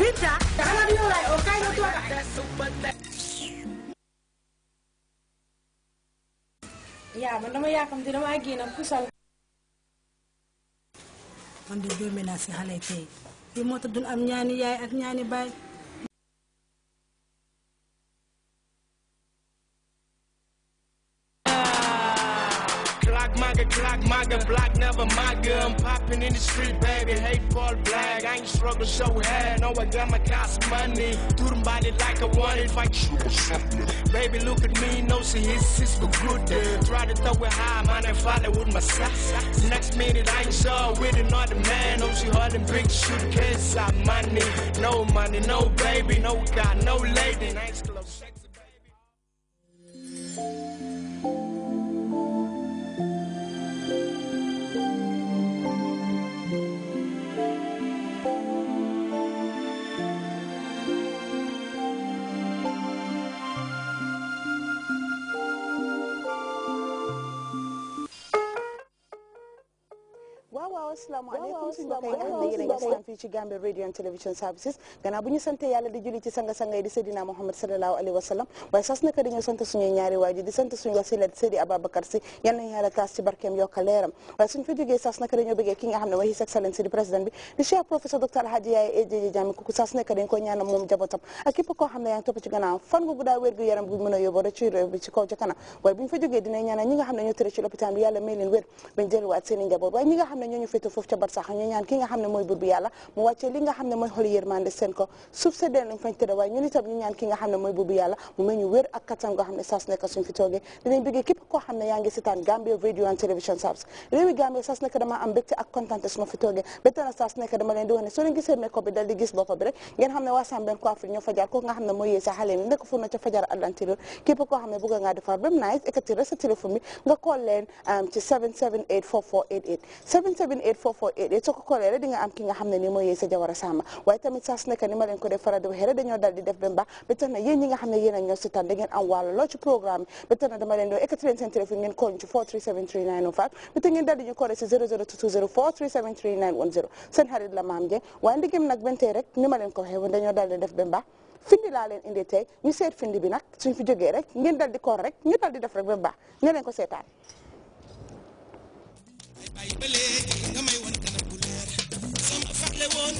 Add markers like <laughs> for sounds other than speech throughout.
karena Ninja, 花火の来、お買いのとは。Ya, mana ya, ya kam tidak lagi nak kusal. Mandi dua menasi halai teh. Di motor dun am nyani yai at nyani baik. clock maga, clock maga, Glock. for my girl, I'm popping in the street, baby. Hate ball black, I ain't struggle so hard. No, I got my cost money. Do them body like I want it, like you or something. Baby, look at me, no, see his sister good. Dude. Try to throw it high, man, I follow with my socks. Next minute, I ain't sure with another man. Oh, she holding big can't I money. No money, no baby, no guy, no lady. Nice waaw waaw asalaamaaleykum suñu mbokk yi ànd yéen a ngi sant fii ci Gambia radio and television services gannaaw bu ñu sante yàlla di julli ci sanga-sanga yi di Seydina Muhammad sallallahu alayhi wa sallam waaye sas naka dañoo sant suñuy ñaari waajur di sant suñu wasila Seydi Ababacar si yal nañu yàlla taas ci barkeem yokka leeram waaye suñ fa jógee sas naka dañoo bëggee ki nga xam ne wa his excellence di président bi di Cheikh professeur docteur Alhaji Yaya AJJ Jammeh kooku sas naka dañ koy ñaanal moom jabotam ak képp koo xam ne yaa ngi topp ci gannaaw fan nga bu daa wér gu yaram bu mën a yóbboo rek ci réew bi ci kaw ca kanam waaye bu ñu fa jógee dinañ ñaanal ñi nga xam ne ñoo tëre ci lopitaan bi yàlla may leen wér bañ delluwaat seen i njaboot waaye ñi nga xam ne ñooñu féete foofu ca bat sax ñu ñaan ki nga xam ne mooy buur bi mu wàccee li nga xam ne mooy xoli yërmande seen ko suuf seddeen lañ fañ tëdd waaye ñun itam ñu ñaan ki nga xam ne mooy buur bi mu mel ñu wér ak kattan goo xam ne sas nekk suñ fi toogee dinañ bëggee képp koo xam ne yaa ngi seetaan Gambia radio and television service réewi Gambia sas nekk dama am mbégte ak kontaan su ma fi toogee bétta na sas nekk dama leen di wax ne soo leen gisee make bi dal gis loxo bi rek ngeen xam 7784488 soo ko koolee rek di nga am ki nga xam ne ni mooy Yeysa Jawara Sama waaye tamit saa su ni ma ko def faral di waxee rek dañoo dal def ba mbaax ba tax na yéen ñi si tànn da di la maam Dieng waaye ndigam nag benn tey rek ni ma ko waxee woon dañoo dal di rek ngeen dal def rek ba mbaax ñu leen ko seetaan bàyyi ba léegi nga may woon kanam bu leer sama fàtte woon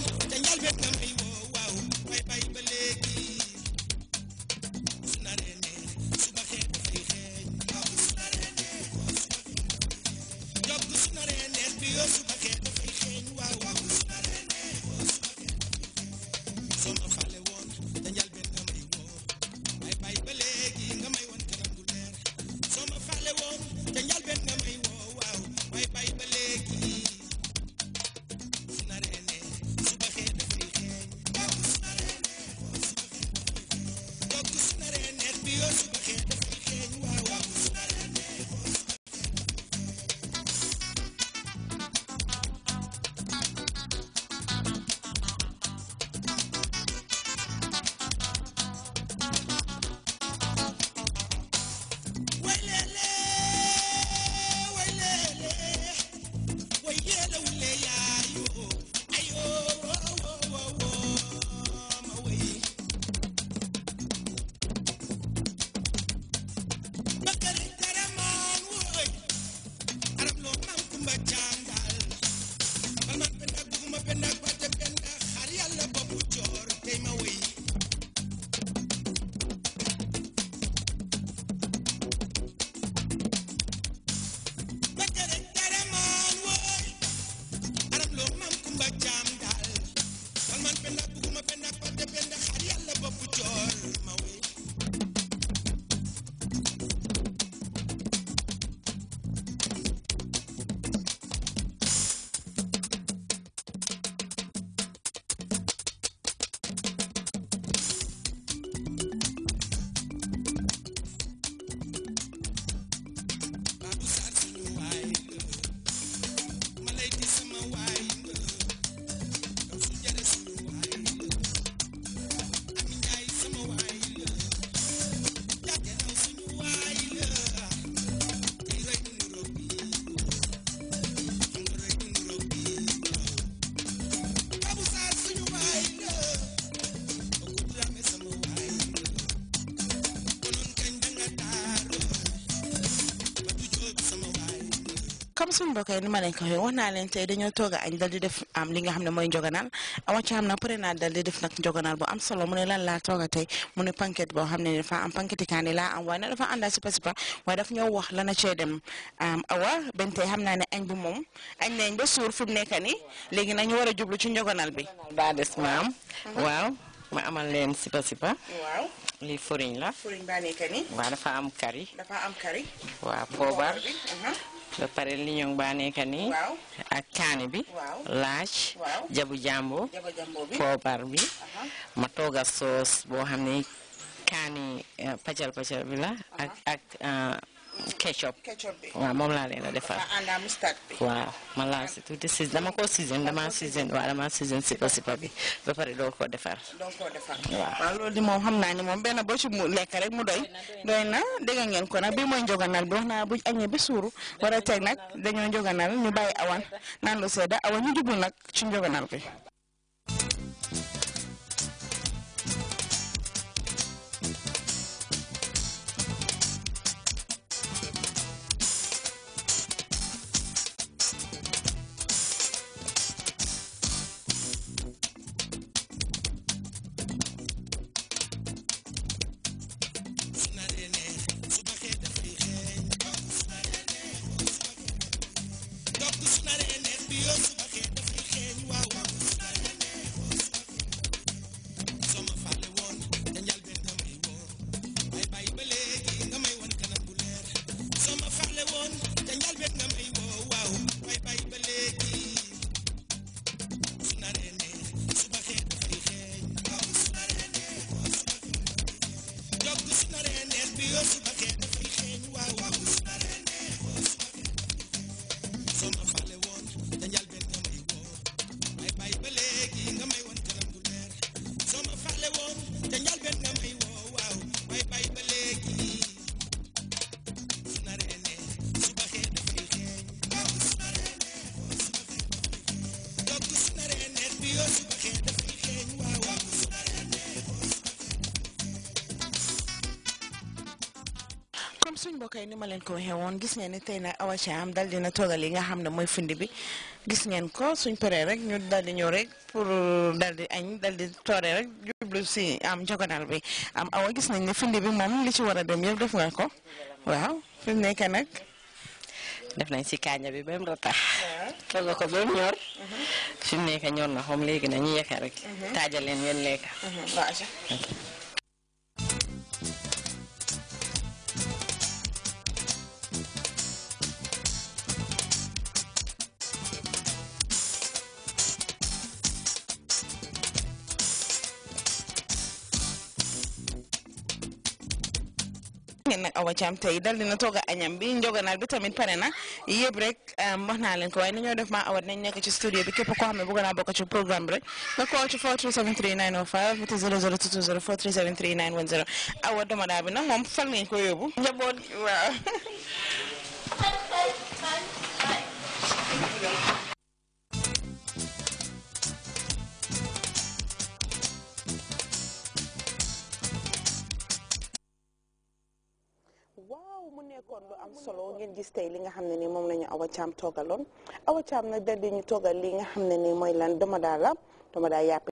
comme suñu mbokk yi ni ma leen ko waxee wax naa leen tey dañoo toog añ dal di def am li nga xam ne mooy njoganaal a ci xam na pare naa dal di def nag njoganaal bu am solo mu ne lan laa toog a tey mu ne panket boo xam ne dafa am am waaye nag ne añ bu a mhm. waaw ma amal leen sipa sipa waaw lii la waaw dafa am kari waaw poobar mhm. ba pare liñoŋ baa nekka nii ak kaani bi laaj jabu jàmbo poobar bi ma tooga soos boo xam ni kaani eh, pacal pacal bi la ak ak ah, ketchup. ketchup moom laa leen a defar. ànda ah, mustard um, bi. waaw man laa si tuuti si dama ko si dama season waaw dama season sipa sipa bi ba pare doo ko defar. doo ko di moom xam naa ne moom benn ba ci mu lekk rek mu doy. doy na dégg ngeen ko nag bi mooy njoganal bi wax naa bu añee ba suuru war a teg nag dañoo njoganal ñu bàyyi awan naan lu sedda awan ñu jublu nag ci njoganal bi. suñ mbokk yi ni ma leen ko waxee woon gis ngeen ni tey nag Awa Cham dal na toogal yi nga xam ne mooy fundi bi gis ngeen ko suñ paree rek ñu dal di ñëw rek pour euh, dal di añ dal di toore rek jublu si am joganal bi am awa gis nañ ne fundi bi moom li war a dem yëpp def nga ko waaw fi mu nekk nañ si kaaña bi ba mu ratax ko ba mu ñor mm-hmm. fi mu nekk na xom léegi nañu yekke rek mm-hmm. taajal leen ngeen lekka mm-hmm. meen nag Awa Cham tey dal dina togg añam bi njoganaal bi tamit pare na yëpp rek um, wax naa leen waaye ni ñoo def maa awat nañ nekk ci studio bi képp koo xam ne ci programme bi rek nga koo ci 4373905 00220 4373910 awa dama daal bi nag moom fan ngeen ko njaboot waaw <laughs> solo ngeen gis tey li nga xam ne ni moom la ñu Awa Caam toogaloon Awa Caam na daldi ñu toogal li nga xam ne ni mooy lan dama daa la dama daa yàpp